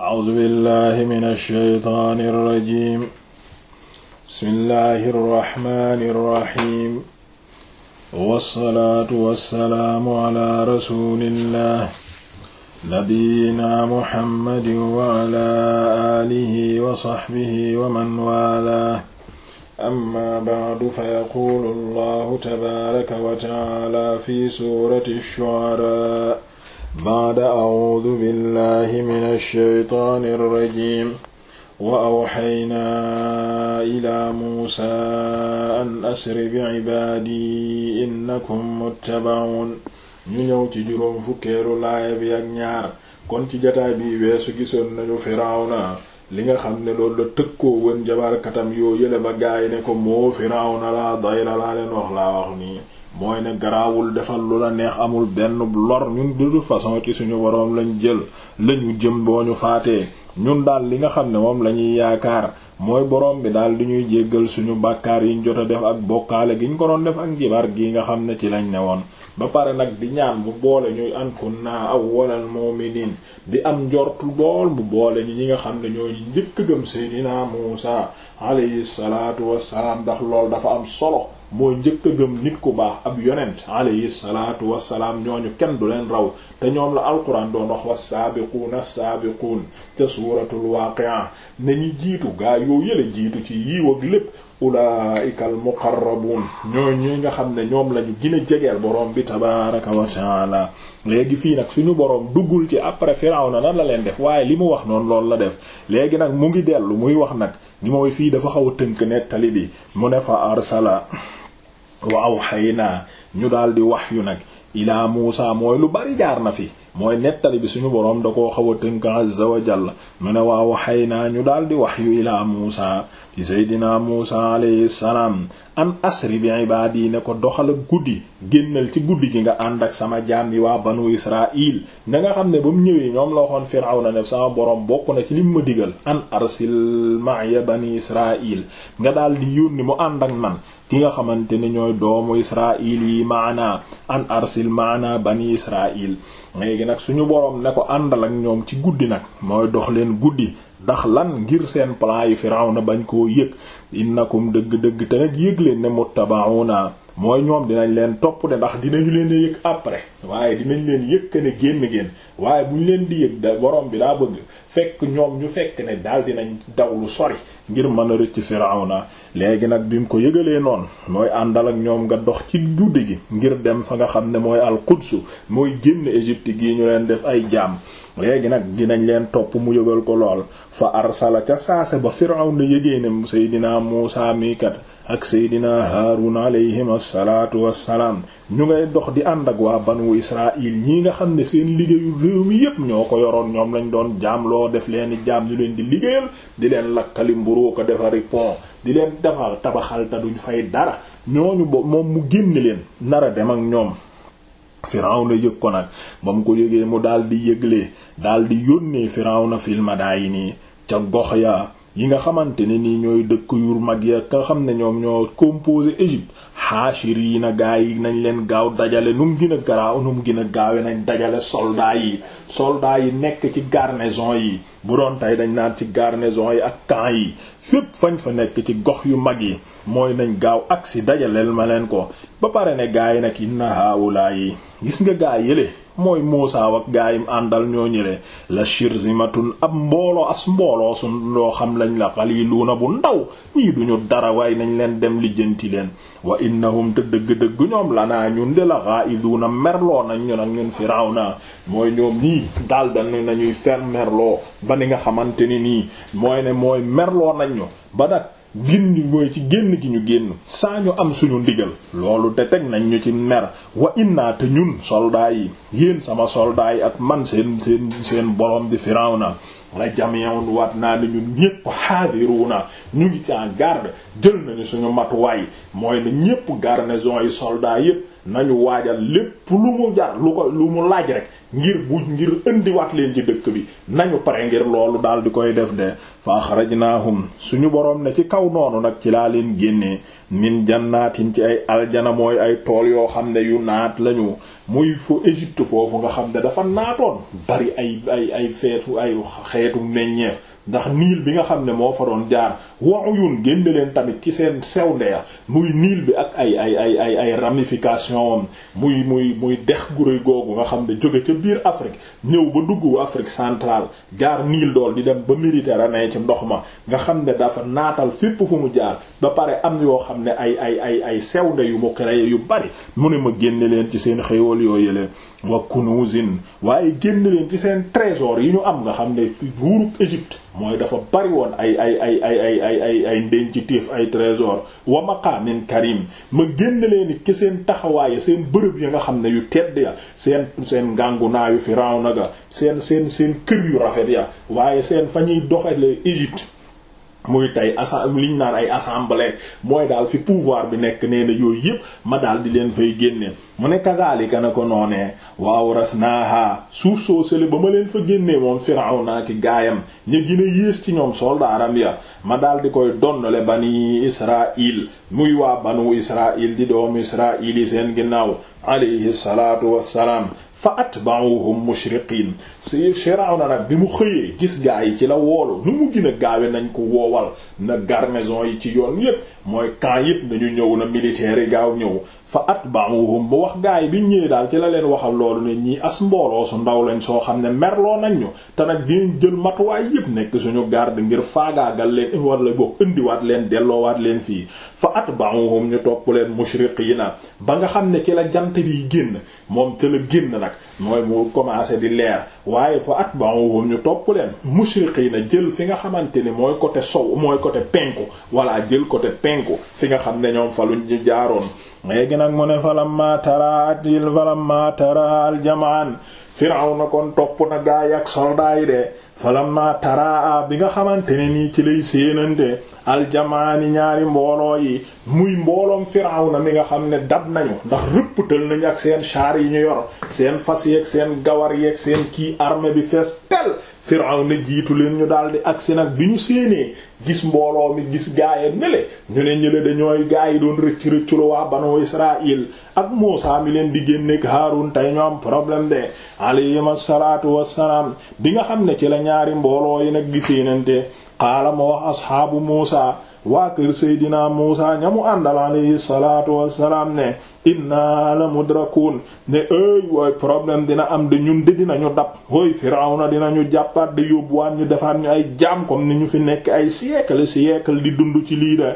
A'uuzu billaahi mina shaytaani rajiim bismillaahi rahmaani rahiim wassalaatu wassalaamu alaa rasuulillaah nabiyyinaa Muhammadin wa alaa aalihi wa sahbihi wa man waalaah amma ba'du fa yaquulu Allaahu tabaaraka wa ta'aalaa fi suurati shu'araa baada audu billahi min alsheytaani alrajim wa awxaynaa ila muusa an asri bicibaadi innakum muttabacuun ñu ñëw ci juróom fukkeelu laaya bi ak ñaar kon ci jataay bi weesu gisoon nañu firawna li nga xam ne loolu la tëkkoo woon jabarkatam yoo yële ba gaay ne ko moo firawna laa dayra laa leen wax laa wax nii mooy ne garaawul defal lu la neex amul benn lor ñun de façon ci suñu waroom lañ jël lañu jëm boo ñu faatee ñun daal li nga xam ne moom la ñuy yaakaar mooy borom bi daal di ñuy jéggal suñu bàkkaar yiñ jot a def ak bokkaale gi ñu ko def ak njibar gi nga xam ne ci lañ ne woon ba pare nag di ñaan mu boole ñuy ankun naa awwalal mu'minin di am njortu bool mu boole ñi ñi nga xam ne ñoo njëkk gëm Seydina Muusa alayhi salaatu wassalaam ndax lool dafa am solo mooy njëkk a gëm nit ku baax ab yonent alayhi salaatu wassalaam ñooñu kenn du leen raw te ñoom la alquran doon wax wassaabiquuna saabiquun ca suuratul waaqi'a nañu jiitu gaa yoo yële jiitu ci yiiw ak lépp ulaa'ika al muqarrabuun ñooy ñi nga xam ne ñoom lañu gën jegeel boroom bi tabaaraka wa ta'aala léegi fii nag suñu boroom duggul ci après Firawna nan la leen def waaye li mu wax noonu loolu la def léegi nag mu ngi dellu muy wax nag ñi mooy fii dafa xaw a tënk nettali bi mu ne fa arsala wa awxaynaa ñu daal di wax yu nag ilaa Muusa mooy lu bari jaar na fi mooy nettali bi suñu boroom da koo xaw a tënk azza wa jalla mu ne waaw xay naa ñu daal di wax yu ilaa Muusa ci seydinaa Muusa alayhi salaam an asri bi ibaadi ne ko doxal ak guddi génnal ci guddi gi nga ànd ak sama jaam yi waa banu Israil na nga xam ne ba mu ñëwee ñoom la waxoon na ne sama boroom bokk na ci li mu ma digal an arsil ma'iya bani Israil nga daal di yónni mu ànd ak man ki nga xamante ne ñooy doomu israil yi maana an arsil maana bani israil léegi nag suñu boroom ne ko àndal ak ñoom ci guddi nag mooy dox leen guddi ndax lan ngir seen plan yi na bañ koo yëg innakum dëgg-dëgg te nag yëg leen ne naa mooy ñoom dinañ leen topp de ndax dinañu leen yëg après waaye dinañ leen yëg ne génn génn waaye bu ñu leen di yëg da borom bi daa bëgg fekk ñoom ñu fekk ne daal dinañ daw lu sori ngir mën a rëcc Firawna léegi nag bi mu ko yëgalee noon mooy àndal ak ñoom nga dox ci guddi gi ngir dem fa nga xam ne mooy al Quds mooy génn Égypte gi ñu leen def ay jaam léegi nag dinañ leen topp mu yëgal ko lool fa arsala ca saase ba Firawna yëgee ne Seydina Muusaa mi kat ak Seydina Haarun alayhim assalaatu wassalaam ñu ngay dox di ànd ak waa banu Israil ñii nga xam ne seen liggéeyu réew mi yépp ñoo ko yoroon ñoom lañ doon jaam loo def leen jaam ñu leen di liggéeyal di leen lakkali mburu ko defari pont di leen defal tabaxal te duñ fay dara ñooñu bo moom mu génn leen nara dem ak ñoom Firawna yëg ko nag ba mu ko yëgee mu daal di yëgle daal di yónnee Firawna fil nii ca gox ya yi nga xamante ne nii ñooy dëkk yu mag ya nga xam ne ñoom ñoo composé Égypte haashiri yi na gaa yi nañ leen gaaw dajale nu mu gën a garaaw nu mu gën a gaawe nañ dajale soldats yi soldats yi nekk ci garnison yi bu doon tey dañ naan ci garnison yi ak camps yi fépp fañ fa nekk ci gox yu mag yi mooy nañ gaaw agsi dajaleel ma leen ko ba pare ne gaa yi nag inna haawulaa yi gis nga gaa yële mooy Muusaa ak gaa yim àndal ñoo ñële la shirzimatun ab mbooloo as mbooloo su loo xam lañ la qaliluuna bu ndaw ñii duñu dara waaye nañ leen dem lijjanti leen wa innahum te dëgg-dëgg ñoom lanaa ñun de la na merloo nañ ñu nag ñun Firawna mooy ñoom nii daal dañu nañuy fer merloo ba ni nga xamante ni nii mooy ne mooy merloo nañ ñu ba nag génn mooy ci génn gi ñu génn saa ñu am suñu ndigal loolu de teg nañ ñu ci ner wa innaa te ñun soldat yi yéen sama soldat yi ak man seen seen seen borom di naa la jami'un waat naa ne ñun ñépp haadiruna ñu ngi ci en garde jël nañu suñu matuwaay mooy ne ñépp garnison yu soldats yépp nañu waajal lépp lu mu jar lu ko lu mu laaj rek ngir bu ngir indiwaat leen ci dëkk bi nañu pare ngir loolu daal di koy def de fa axrajnaahum suñu boroom ne ci kaw noonu nag ci laa leen génnee min jannaatin ci ay aljana mooy ay tool yoo xam ne yu naat lañu muy fo Égypte foofu nga xam ne dafa naatoon bari ay ay ay feetu ay xeetu meññeef ndax niil bi nga xam ne moo fa doon jaar wa uyun génn leen tamit ci seen sew ndeya muy niil bi ak ay ay ay ay ay ramification muy muy muy dex gu rëy googu nga xam ne jóge ca biir Afrique ñëw ba dugg Afrique centrale jaar niil dool di dem ba Méditerranée ci ndox ma nga xam ne dafa naatal fépp fu mu jaar ba pare am yoo xam ne ay ay ay ay sew nde yu mu créé yu bari mu ne ma génn leen ci seen xéewal yoo yële wa kunuzin waaye génn leen ci seen trésor yi ñu am nga xam ne buurub Égypte mooy dafa bari woon ay ay ay ay ay ay ay ay ndencitéef ay trésor wa maqaamin karim ma génn leen ci seen taxawaay seen bërëb yi nga xam ne yu tedd ya seen seen ngàngu naayu Firawna ga seen seen seen kër yu rafet ya waaye seen fa ñuy doxalee Égypte muy tey assa liñ naan ay assemblée mooy daal fi pouvoir bi nekk nee na yooyu yëpp ma daal di leen fay génne mu ne kadaalika na ko noonee wa awrasnaaha suuf soo ba ma leen fa génnee moom Firawna ki gaayam ña gën a yées ci ñoom soldaaram ya ma daal di koy donnale bani Israil muy waa banu Israil di doomu Israil seen ginnaaw alayhi salaatu wassalaam fa atba'uhum mushriqin si Firawna nag bi mu xëyee gis gaa yi ci la woolu nu mu gën gaawe nañ ko woowal na garnison yi ci yoon yépp mooy camp yëpp nañu ñëw na militaires yi gaaw ñëw fa at atba'uhum bu wax gaay bi ñëwee daal ci la leen waxal loolu ne ñi as mbooloo su ndaw lañ soo xam ne merloo nañ ñu te nag dinañ jël matuwaay yëpp nekk suñu garde ngir faagaagal leen war la indiwaat leen delloowaat leen fii fa at atba'uhum ñu topp leen yi mushriqiina ba nga xam ne ci la jant bi génn moom ca la génn nag mooy mu commencé di leer waaye fa at atba'uhum ñu topp leen mushriqiina jël fi nga xamante ni mooy côté sow mooy côté penku walla jël côté penku fi nga xam ne ñoom fa lu ñu jaaroon léegi nag mu ne falamma taraat il falamma tara al jamaan Firawna kon topp na gaay ak soldat yi de falamma taraa bi nga xamante ni nii ci lay séenante aljamaani ñaari mbooloo yi muy mbooloom Firawna mi nga xam ne dab nañu ndax rëpptal nañu ak seen char yi ñu yor seen fas yeeg seen gawar yeeg seen kii armée bi fees tel firaw na jiitu leen ñu daal di agsi nag bi ñu séenee gis mbooloo mi gis gaaya nele ñu ne ñële dañooy gaay yi doon rëcc rëccu la waa banu Israël ak Muusaa mi leen di génneeg Haarun tey ñu am problème de alayhim assalaatu wassalaam bi nga xam ne ci la ñaari mbooloo yi nag giséenante xaala ma wax asxaabu Muusaa waa kër Seydina Muusa ñamu àndal alayhi salaatu wassalaam ne inna la mudrakun ne ey wooy problème dina am de ñun de dinañu dab hooy Firawna dinañu jàppaat de yóbbuwaat ñu defaat ñu ay jaam comme ni ñu fi nekk ay siècle siècle di dund ci lii de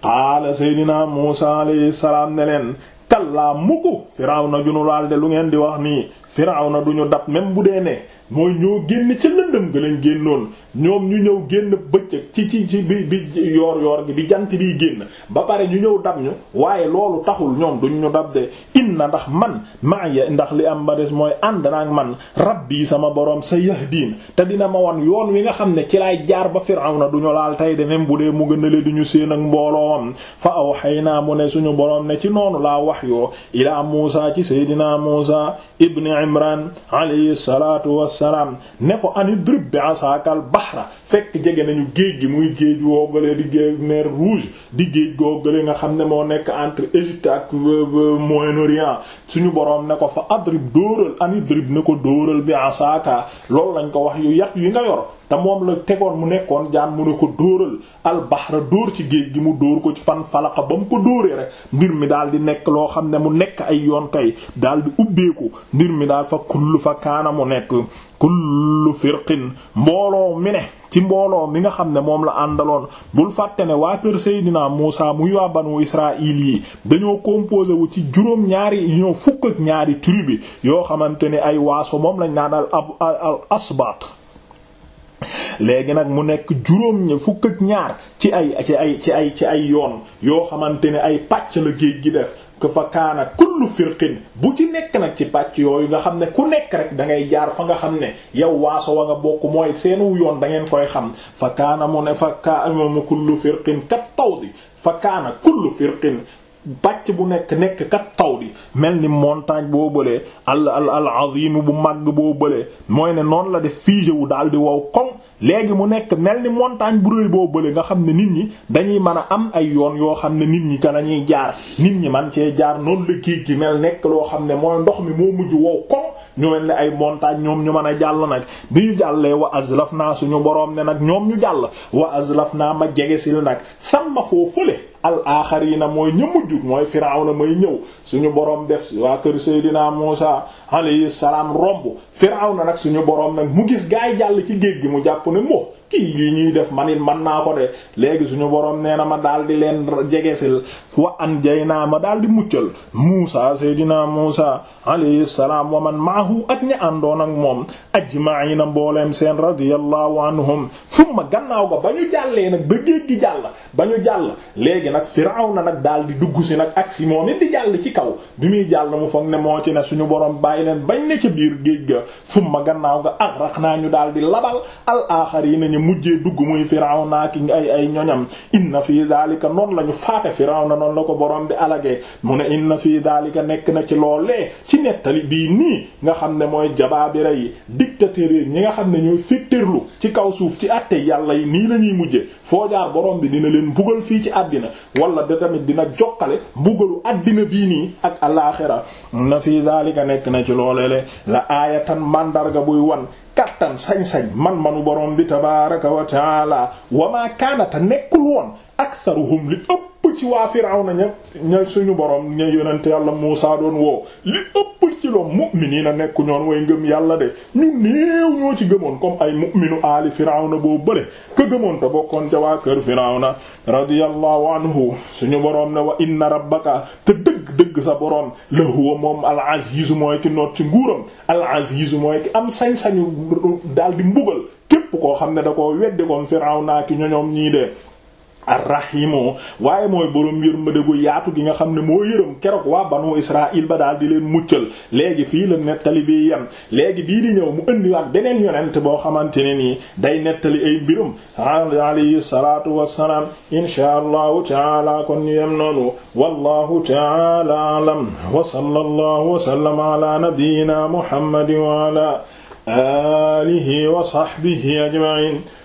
qaala Seydina Muusa alayhi salaam ne leen kallaa mukk Firawna junu laal de lu ngeen di wax nii Firawna duñu dab même bu dee ne mooy ñoo génn ca lëndëm ga lañ génnoon ñoom ñu ñëw génn bëccëg ci ci ci bi bi yoor yoor gi bi jant biy génn ba pare ñu ñëw dab ñu waaye loolu taxul ñoom duñ ñu dab de inna ndax man maa ndax li am ba des mooy ànd naak man rab rabbi sama borom sa yahdiin te dina ma wan yoon wi nga xam ne ci laay jaar ba Firawna du ñu laal tey de bu dee mu gënale du ñu séen ak mbooloom fa naa mu ne suñu borom ne ci noonu laa wax yoo ilaa Muusaa ci Seydina Muusaa ibni Imraan alayhi salaatu wa ne ko bahra fekk jege nañu géej gi muy géej woogale di géej mer rouge di géej googale nga xam ne moo nekk entre Égypte ak euh, euh, Moyen-Orient suñu boroom ne ko fa adrib dóoral anidrib ne ko dóoral bi asaka loolu lañ ko wax yu yat yi nga yor te moom la tegoon mu nekkoon jaan mu ne ko dóoral albaxra dóor ci géej gi mu dóor ko ci fan falaxa ba mu ko dóoree rek mbir mi daal di nekk loo xam ne mu nekk ay yoon kay daal di ubbeeku mbir mi daal fa kullu fa kaana mu nekk kullu firqin mbooloo mi ne ci mbooloo mi nga xam ne moom la àndaloon bul fàtte ne waa kër Seydina Muusa muy waa banu Israil yi dañoo composé wu ci juróom ñaari ñoo fukk ak ñaari tribu yoo xamante ni ay waaso moom lañ naan al asbat léegi nag mu nekk juróom fukk ak ñaar ci ay ci ay ci ay ci yoon yoo xamante ne ay pàcc la géej gi def que fa kaana kullu firqin bu ci nekk nag ci pàcc yooyu nga xam ne ku nekk rek da ngay jaar fa nga xam ne yow waaso wa nga bokk mooy seenu yoon da ngeen koy xam fa kaana mu ne fa kaana kullu firqin kat tawdi fa kaana kullu firqin bàcc bu nekk nekk kat taw di mel ni montagne boo bëlee al al al azim bu màgg boo bëlee mooy ne noonu la def figé wu daal di wow koŋ léegi mu nekk mel ni montagne bu rëy boo bële nga xam ne nit ñi dañuy mën a am ay yoon yoo xam ne nit ñi ca lañuy jaar nit ñi man cee jaar noonu la géej gi mel nekk loo xam ne mooy ndox mi moo mujj wow koŋ ñu mel ne ay montagne ñoom ñu mën a jàll nag bi ñu jàllee wa azlaf naa suñu boroom ne nag ñoom ñu jàll wa azlaf naa ma jege sil nag samma foo fële al aaxariina mooy ña mujj mooy Firawna may ñëw suñu boroom def waa kër Seydina Muusa alayhi salaam romb na nag suñu borom nag mu gis gaa jàll ci géej gi mu jàpp ne mo kii yi ñuy def man man naa ko de léegi suñu boroom nee na ma daal di leen jegesil wa an jay naa ma daal di muccal Muusa Seydina Muusa alayhi salaam wa man maahu ak ñi àndoon ak moom ajma'iina mbooleem seen radiyallahu anhum summa gannaaw ga ba ñu jàllee nag ba géej gi jàll ba ñu jàll léegi nag na nag daal di dugg si nag ak si moom it di jàll ci kaw bi muy jàll mu foog ne moo ci ne suñu boroom bàyyi leen bañ ne ca biir géej ga summa gannaaw ga aghraqnaa ñu di labal mujjee dugg muy Firawna ki ay ay ñoñam inna fii daalika noon la ñu faate na noonu la ko borom bi alagee mu ne inna fii daalika nekk na ci loolee ci nettali bii nii nga xam ne mooy jabaabira yi dictateurs yi xam ne ñooy féttirlu ci kaw suuf ci àtte yàlla yi nii la ñuy mujjee foo jaar borom bi dina leen mbugal fii ci àddina wala da tamit dina jokkale mbugalu àddina bii nii ak alaaxira na fii daalika nekk na ci loolee la aayatan màndarga buy wan kattan sañ-sañ man-manu borom bi tabaraka wa taala wa maa kaanata nekkul woon aksaruhum li ëpp ëpp ci waa Firawna ña ña suñu borom ña yonent yàlla Muusaa doon woo li ëpp ci loom mu'miniina nekk ñoon way ngëm yàlla de ñu néew ñoo ci gëmoon comme ay mu'minu aali Firawna boo bële ka gëmoon te bokkoon ca waa kër Firawna radiyallahu anhu suñu boroom ne wa inna rabbaka te dëgg dëgg sa borom la huwa moom al-aziizu mooy ki noot ci nguuram al-aziizu mooy ki am sañ-sañu dal di mbugal képp koo xam ne da ko weddi kon Firawna ki ñoñoom ñii de arrahimu waaye mooy borom yërmande gu yaatu gi nga xam ne moo yërëm keroog waa banu israil ba daal di leen muccal léegi fii la nettali bi yem léegi bii di ñëw mu indiwaat beneen yonent boo xamante ne nii day nettali ay mbirum alayhi salaatu wassalaam inshaa allahu taala kon ñu yem noonu taala alam wa sallallahu wa sallama ala nabiyyina muhammadin wa ala alihi wa sahbihi ajma'in